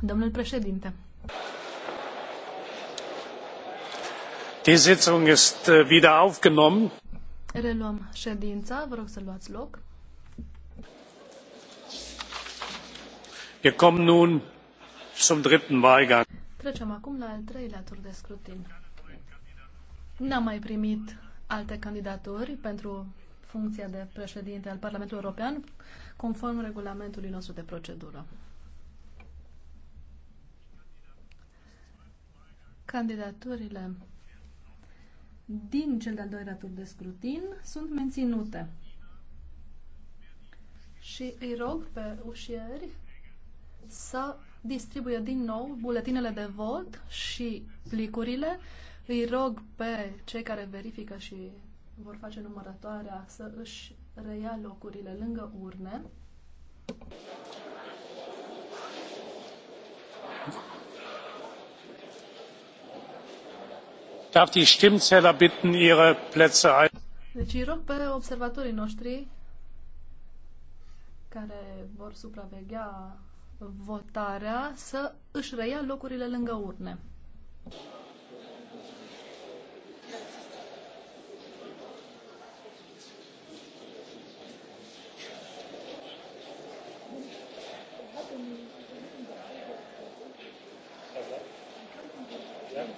Domnul președinte. Die Sitzung ist äh, wieder aufgenommen. Reluăm ședința, vă rog să luați loc. Wir kommen nun zum dritten Wahlgang. Trecem acum la al treilea tur de scrutin. N-am mai primit alte candidaturi pentru funcția de președinte al Parlamentului European conform regulamentului nostru de procedură. Candidaturile din cel de-al doilea tur de scrutin sunt menținute. Și îi rog pe ușieri să distribuie din nou buletinele de vot și plicurile. Îi rog pe cei care verifică și vor face numărătoarea să își reia locurile lângă urne. Darf die Stimmzähler bitten, ihre Plätze ein. Deci îi rog pe observatorii noștri care vor supraveghea votarea să își reia locurile lângă urne. Yeah.